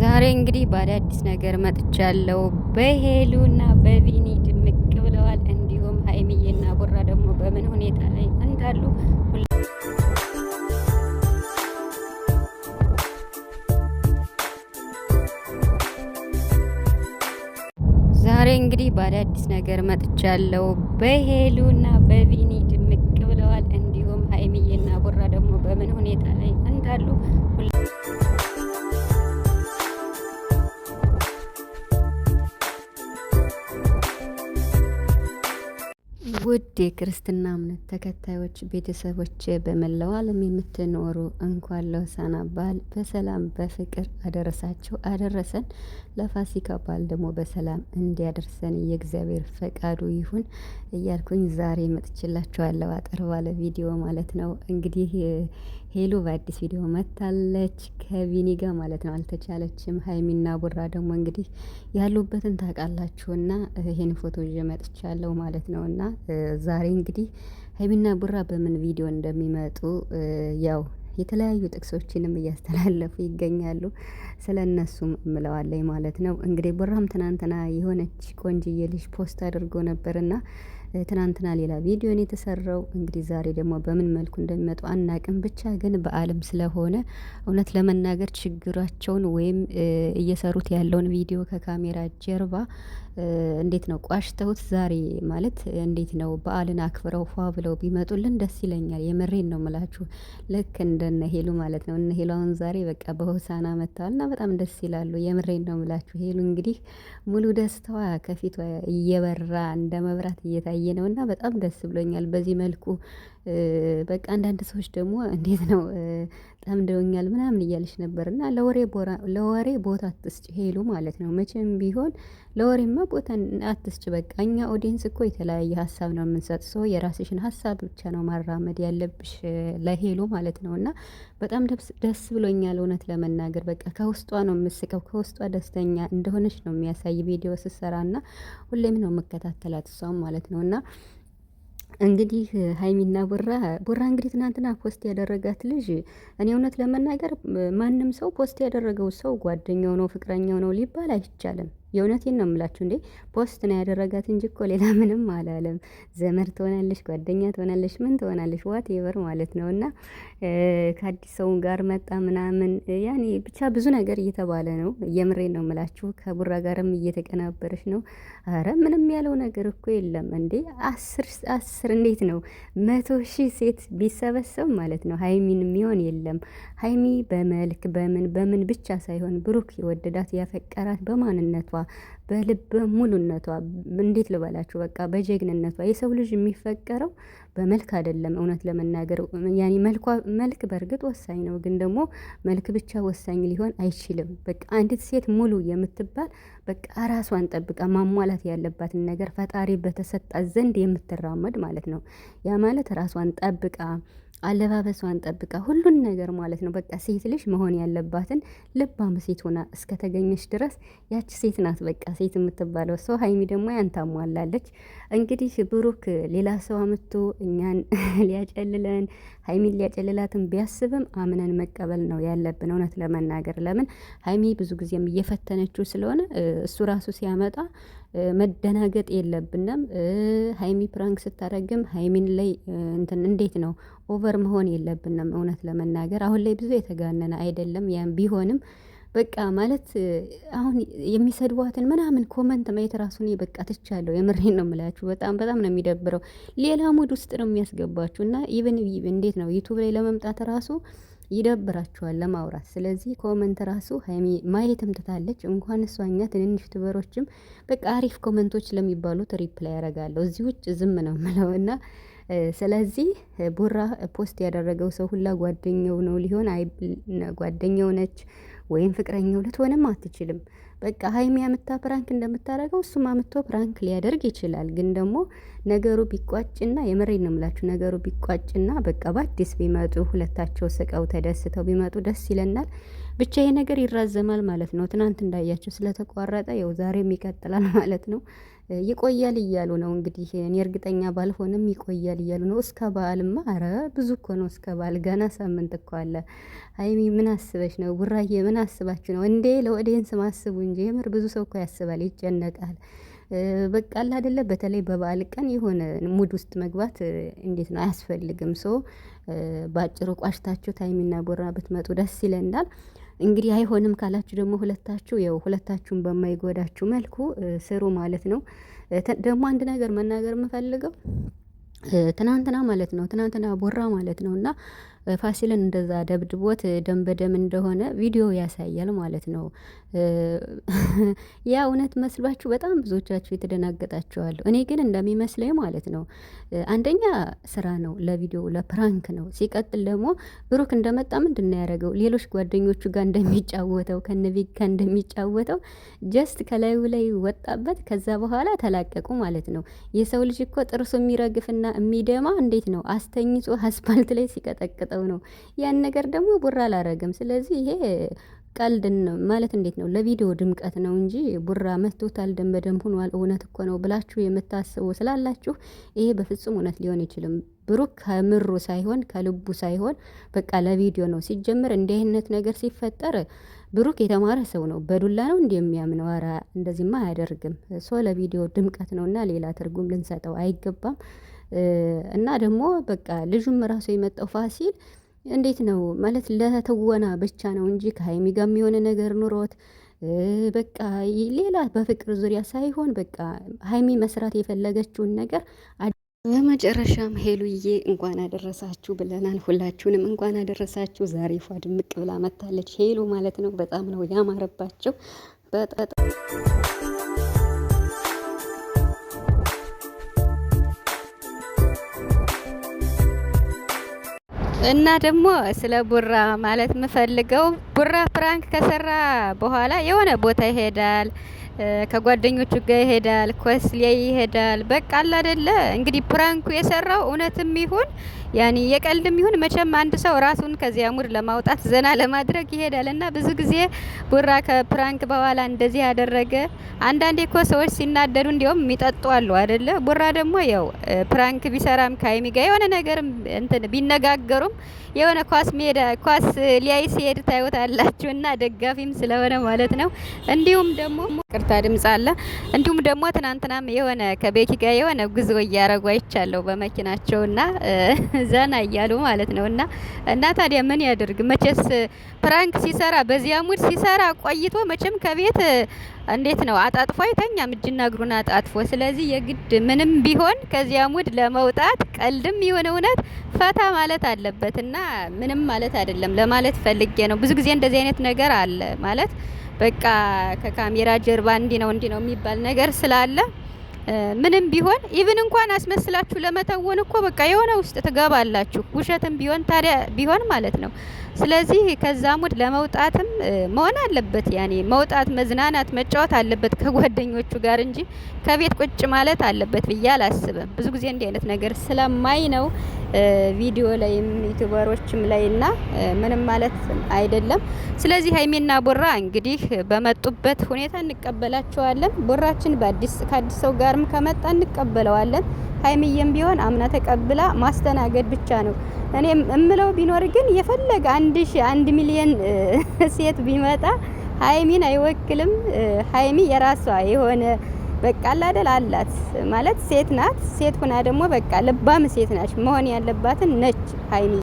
ዛሬ እንግዲህ በአዳዲስ ነገር መጥቻለሁ። በሄሉና በቪኒ ድምቅ ብለዋል። እንዲሁም ሀይሚዬና ቡራ ደግሞ በምን ሁኔታ ላይ እንዳሉ ዛሬ እንግዲህ በአዳዲስ ነገር መጥቻለሁ። በሄሉና በቪኒ ድምቅ ብለዋል። እንዲሁም ሀይሚዬና ቡራ ደግሞ በምን ሁኔታ ላይ እንዳሉ ውድ የክርስትና እምነት ተከታዮች ቤተሰቦች በመላው ዓለም የምትኖሩ እንኳን ለሆሳዕና በዓል በሰላም በፍቅር አደረሳችሁ አደረሰን። ለፋሲካ በዓል ደግሞ በሰላም እንዲያደርሰን የእግዚአብሔር ፈቃዱ ይሁን እያልኩኝ ዛሬ መጥችላችኋለሁ አጠር ባለ ቪዲዮ ማለት ነው። እንግዲህ ሄሉ በአዲስ ቪዲዮ መታለች ከቪኒ ጋር ማለት ነው። አልተቻለችም። ሀይሚና ቡራ ደግሞ እንግዲህ ያሉበትን ታውቃላችሁና ይሄን ፎቶ ይዤ መጥቻለሁ ማለት ነው። እና ዛሬ እንግዲህ ሀይሚና ቡራ በምን ቪዲዮ እንደሚመጡ ያው የተለያዩ ጥቅሶችንም እያስተላለፉ ይገኛሉ። ስለ እነሱም እምለዋለኝ ማለት ነው። እንግዲህ ቡራም ትናንትና የሆነች ቆንጅዬ ልጅ ፖስት አድርጎ ነበርና ትናንትና ሌላ ቪዲዮ ነው የተሰራው። እንግዲህ ዛሬ ደግሞ በምን መልኩ እንደሚመጡ አናቅም። ብቻ ግን በዓለም ስለሆነ እውነት ለመናገር ችግራቸውን ወይም እየሰሩት ያለውን ቪዲዮ ከካሜራ ጀርባ እንዴት ነው ቋሽተውት ዛሬ ማለት እንዴት ነው በዓልን አክብረው ፏ ብለው ቢመጡልን ደስ ይለኛል። የምሬን ነው የምላችሁ። ልክ እንደነ ሄሉ ማለት ነው። እነ ሄሉ አሁን ዛሬ በቃ በሆሳና መጥተዋል እና በጣም ደስ ይላሉ። የምሬን ነው ምላችሁ። ሄሉ እንግዲህ ሙሉ ደስታዋ ከፊቷ እየበራ እንደ መብራት እየታየ ነው እና በጣም ደስ ብሎኛል። በዚህ መልኩ በቃ አንዳንድ ሰዎች ደግሞ እንዴት ነው ጠምደውኛል ምናምን እያለች ነበር። እና ለወሬ ቦታ አትስጭ ሄሉ ማለት ነው። መቼም ቢሆን ለወሬማ ቦታ አትስጭ። በቃ እኛ ኦዲየንስ እኮ የተለያየ ሀሳብ ነው የምንሰጥ። ሰው የራስሽን ሀሳብ ብቻ ነው ማራመድ ያለብሽ ለሄሉ ማለት ነው። እና በጣም ደስ ብሎኛል እውነት ለመናገር በቃ ከውስጧ ነው የምስቀው። ከውስጧ ደስተኛ እንደሆነች ነው የሚያሳይ ቪዲዮ ስሰራ እና ሁሌም ነው የምከታተላት እሷም ማለት ነው እና እንግዲህ ሀይሚና ቡራ ቡራ እንግዲህ ትናንትና ፖስት ያደረጋት ልጅ እኔ እውነት ለመናገር ማንም ሰው ፖስት ያደረገው ሰው ጓደኛው ነው፣ ፍቅረኛው ነው ሊባል አይቻልም። የእውነቴን ነው የምላችሁ። እንዴ ፖስት ነው ያደረጋት እንጂ እኮ ሌላ ምንም አላለም። ዘመድ ትሆናለሽ፣ ጓደኛ ትሆናለሽ፣ ምን ትሆናለሽ፣ ዋት ኤቨር ማለት ነው። እና ከአዲስ ሰው ጋር መጣ ምናምን፣ ያኔ ብቻ ብዙ ነገር እየተባለ ነው። የምሬን ነው የምላችሁ። ከቡራ ጋርም እየተቀናበረች ነው። አረ ምንም ያለው ነገር እኮ የለም። እንዴ አስር አስር እንዴት ነው መቶ ሺህ ሴት ቢሰበሰብ ማለት ነው ሀይሚን የሚሆን የለም። ሀይሚ በመልክ በምን በምን ብቻ ሳይሆን ብሩክ የወደዳት ያፈቀራት በማንነቷ በልበ ሙሉነቷ እንዴት ልበላችሁ፣ በቃ በጀግንነቷ። የሰው ልጅ የሚፈቀረው በመልክ አይደለም። እውነት ለመናገር ያኔ መልኳ መልክ በእርግጥ ወሳኝ ነው፣ ግን ደግሞ መልክ ብቻ ወሳኝ ሊሆን አይችልም። በቃ አንዲት ሴት ሙሉ የምትባል በቃ ራሷን ጠብቃ ማሟላት ያለባትን ነገር ፈጣሪ በተሰጣት ዘንድ የምትራመድ ማለት ነው። ያ ማለት ራሷን ጠብቃ አለባበሷን ጠብቃ ሁሉን ነገር ማለት ነው። በቃ ሴት ልጅ መሆን ያለባትን ልባም ሴት ሆና እስከተገኘች ድረስ ያቺ ሴት ናት በቃ ሴት የምትባለው ሰው። ሀይሚ ደግሞ ያንታሟላለች። እንግዲህ ብሩክ ሌላ ሰው አምቶ እኛን ሊያጨልለን ሀይሚን ሊያጨልላትን ቢያስብም አምነን መቀበል ነው ያለብን እውነት ለመናገር ለምን ሀይሚ ብዙ ጊዜም እየፈተነችው ስለሆነ እሱ ራሱ ሲያመጣ መደናገጥ የለብንም። ሀይሚ ፕራንክ ስታደረግም ሀይሚን ላይ እንትን እንዴት ነው ኦቨር መሆን የለብንም። እውነት ለመናገር አሁን ላይ ብዙ የተጋነነ አይደለም። ያም ቢሆንም በቃ ማለት አሁን የሚሰድቧትን ምናምን ኮመንት ማየት ራሱን በቃ ትቻለሁ። የምሬን ነው የምላችሁ። በጣም በጣም ነው የሚደብረው። ሌላ ሙድ ውስጥ ነው የሚያስገባችሁ እና ኢቨን እንዴት ነው ዩቱብ ላይ ለመምጣት ራሱ ይደብራችኋል ለማውራት። ስለዚህ ኮመንት ራሱ ማየትም ትታለች። እንኳን እሷኛ ትንንሽ ትበሮችም በቃ አሪፍ ኮመንቶች ለሚባሉት ሪፕላይ ያደርጋለሁ። እዚህ ውጭ ዝም ነው ምለው እና ስለዚህ ቡራ ፖስት ያደረገው ሰው ሁላ ጓደኛው ነው ሊሆን ጓደኛው ነች ወይም ፍቅረኛው ልትሆንም አትችልም። በቃ ሀይሚ አምታ ፕራንክ እንደምታደርገው እሱም አምቶ ፕራንክ ሊያደርግ ይችላል። ግን ደግሞ ነገሩ ቢቋጭና የምሬን ነው የምላችሁ ነገሩ ቢቋጭና በቃ በአዲስ ቢመጡ ሁለታቸው ስቀው ተደስተው ቢመጡ ደስ ይለናል። ብቻ ይሄ ነገር ይራዘማል ማለት ነው። ትናንት እንዳያቸው ስለተቋረጠ ያው ዛሬም ይቀጥላል ማለት ነው። ይቆያል እያሉ ነው እንግዲህ እኔ እርግጠኛ ባልሆንም ይቆያል እያሉ ነው። እስከ በዓልማ ኧረ ብዙ እኮ ነው እስከ በዓል ገና ሳምንት እኮ አለ። ሀይሚ ምን አስበሽ ነው? ቡራዬ ምን አስባችሁ ነው እንዴ? ለኦዲየንስ ማስቡ እንጂ የምር ብዙ ሰው እኮ ያስባል፣ ይጨነቃል። በቃ አለ አይደለ? በተለይ በበዓል ቀን የሆነ ሙድ ውስጥ መግባት እንዴት ነው አያስፈልግም። ሶ በአጭሩ ቋሽታችሁ ሀይሚና ቡራ ብትመጡ ደስ ይለናል። እንግዲህ አይሆንም ካላችሁ ደግሞ ሁለታችሁ ያው ሁለታችሁን በማይጎዳችሁ መልኩ ስሩ ማለት ነው። ደግሞ አንድ ነገር መናገር የምፈልገው ትናንትና ማለት ነው ትናንትና ቦራ ማለት ነው እና ፋሲልን እንደዛ ደብድቦት ደም በደም እንደሆነ ቪዲዮ ያሳያል ማለት ነው። ያ እውነት መስሏችሁ በጣም ብዙዎቻችሁ የተደናገጣችኋለሁ። እኔ ግን እንደሚመስለኝ ማለት ነው አንደኛ ስራ ነው ለቪዲዮ ለፕራንክ ነው። ሲቀጥል ደግሞ ብሩክ እንደመጣ ምንድን ነው ያደረገው? ሌሎች ጓደኞቹ ጋር እንደሚጫወተው ከነቪግ ጋር እንደሚጫወተው ጀስት ከላዩ ላይ ወጣበት። ከዛ በኋላ ተላቀቁ ማለት ነው። የሰው ልጅ እኮ ጥርሱ የሚረግፍና የሚደማ እንዴት ነው አስተኝቶ አስፓልት ላይ ሲቀጠቅጠው እየሰጠው ነው። ያን ነገር ደግሞ ቡራ አላረግም። ስለዚህ ይሄ ቀልድን ማለት እንዴት ነው? ለቪዲዮ ድምቀት ነው እንጂ ቡራ መቶታል፣ ደም በደም ሆኗል፣ እውነት እኮ ነው ብላችሁ የምታስቡ ስላላችሁ ይሄ በፍጹም እውነት ሊሆን አይችልም። ብሩክ ከምሩ ሳይሆን ከልቡ ሳይሆን በቃ ለቪዲዮ ነው። ሲጀምር እንዲህ አይነት ነገር ሲፈጠር ብሩክ የተማረ ሰው ነው። በዱላ ነው እንዲህ የሚያምነው? ኧረ እንደዚህማ አያደርግም። ሶ ለቪዲዮ ድምቀት ነውና ሌላ ትርጉም ልንሰጠው አይገባም። እና ደግሞ በቃ ልጁም ራሱ የመጣው ፋሲል እንዴት ነው ማለት ለትወና ብቻ ነው እንጂ ከሀይሚ ጋር የሆነ ነገር ኑሮት በቃ ሌላ በፍቅር ዙሪያ ሳይሆን በቃ ሀይሚ መስራት የፈለገችውን ነገር በመጨረሻም ሄሉዬ እንኳን አደረሳችሁ ብለናል። ሁላችሁንም እንኳን አደረሳችሁ። ዛሬ ፏ ድምቅ ብላ መታለች ሄሉ ማለት ነው። በጣም ነው ያማረባቸው በጣም እና ደግሞ ስለ ቡራ ማለት የምፈልገው ቡራ ፕራንክ ከሰራ በኋላ የሆነ ቦታ ይሄዳል፣ ከጓደኞቹ ጋር ይሄዳል፣ ኮስ ኮስሌ ይሄዳል። በቃ አለ አይደለ እንግዲህ ፕራንኩ የሰራው እውነትም ይሁን ያኔ የቀልድም ይሁን መቼም አንድ ሰው ራሱን ከዚያ ሙድ ለማውጣት ዘና ለማድረግ ይሄዳል እና ብዙ ጊዜ ቡራ ከፕራንክ በኋላ እንደዚህ ያደረገ አንዳንዴ እኮ ሰዎች ሲናደዱ እንዲሁም የሚጠጡ አሉ አደለ። ቡራ ደግሞ ያው ፕራንክ ቢሰራም ከሀይሚ ጋር የሆነ ነገር እንትን ቢነጋገሩም የሆነ ኳስ ሜዳ ኳስ ሊያይ ሲሄድ አላችሁ እና ደጋፊም ስለሆነ ማለት ነው። እንዲሁም ደግሞ ቅርታ ድምጽ አለ። እንዲሁም ደግሞ ትናንትናም የሆነ ከቤኪ ጋር የሆነ ጉዞ እያረጉ አይቻለሁ በመኪናቸው እና ዘና እያሉ ማለት ነው። እና እና ታዲያ ምን ያደርግ መቼስ ፕራንክ ሲሰራ በዚያ ሙድ ሲሰራ ቆይቶ መቼም ከቤት እንዴት ነው አጣጥፎ አይተኛም፣ እጅና እግሩን አጣጥፎ። ስለዚህ የግድ ምንም ቢሆን ከዚህ አሙድ ለመውጣት ቀልድም ይሁን እውነት ፈታ ማለት አለበት እና ምንም ማለት አይደለም ለማለት ፈልጌ ነው። ብዙ ጊዜ እንደዚህ አይነት ነገር አለ ማለት በቃ ከካሜራ ጀርባ እንዲ ነው እንዲ ነው የሚባል ነገር ስላለ ምንም ቢሆን ኢቭን እንኳን አስመስላችሁ ለመተወን እኮ በቃ የሆነ ውስጥ ትገባላችሁ። ውሸትም ቢሆን ታዲያ ቢሆን ማለት ነው። ስለዚህ ከዛ ሙድ ለመውጣትም መሆን አለበት። ያኔ መውጣት፣ መዝናናት፣ መጫወት አለበት ከጓደኞቹ ጋር እንጂ ከቤት ቁጭ ማለት አለበት ብዬ አላስብም። ብዙ ጊዜ እንዲህ አይነት ነገር ስለማይ ነው ቪዲዮ ላይም ዩቲዩበሮችም ላይና ምንም ማለት አይደለም። ስለዚህ ሀይሚና ቦራ እንግዲህ በመጡበት ሁኔታ እንቀበላቸዋለን። ቦራችን በአዲስ ከአዲስ ሰው ጋርም ከመጣ እንቀበለዋለን። ሀይሚዬም ቢሆን አምና ተቀብላ ማስተናገድ ብቻ ነው። እኔ እምለው ቢኖር ግን የፈለገ አንድ ሺ አንድ ሚሊየን ሴት ቢመጣ ሀይሚን አይወክልም። ሀይሚ የራሷ የሆነ በቃ አላደል አላት ማለት ሴት ናት። ሴት ሁና ደግሞ በቃ ልባም ሴት ናች መሆን ያለባትን ነች ሀይሚ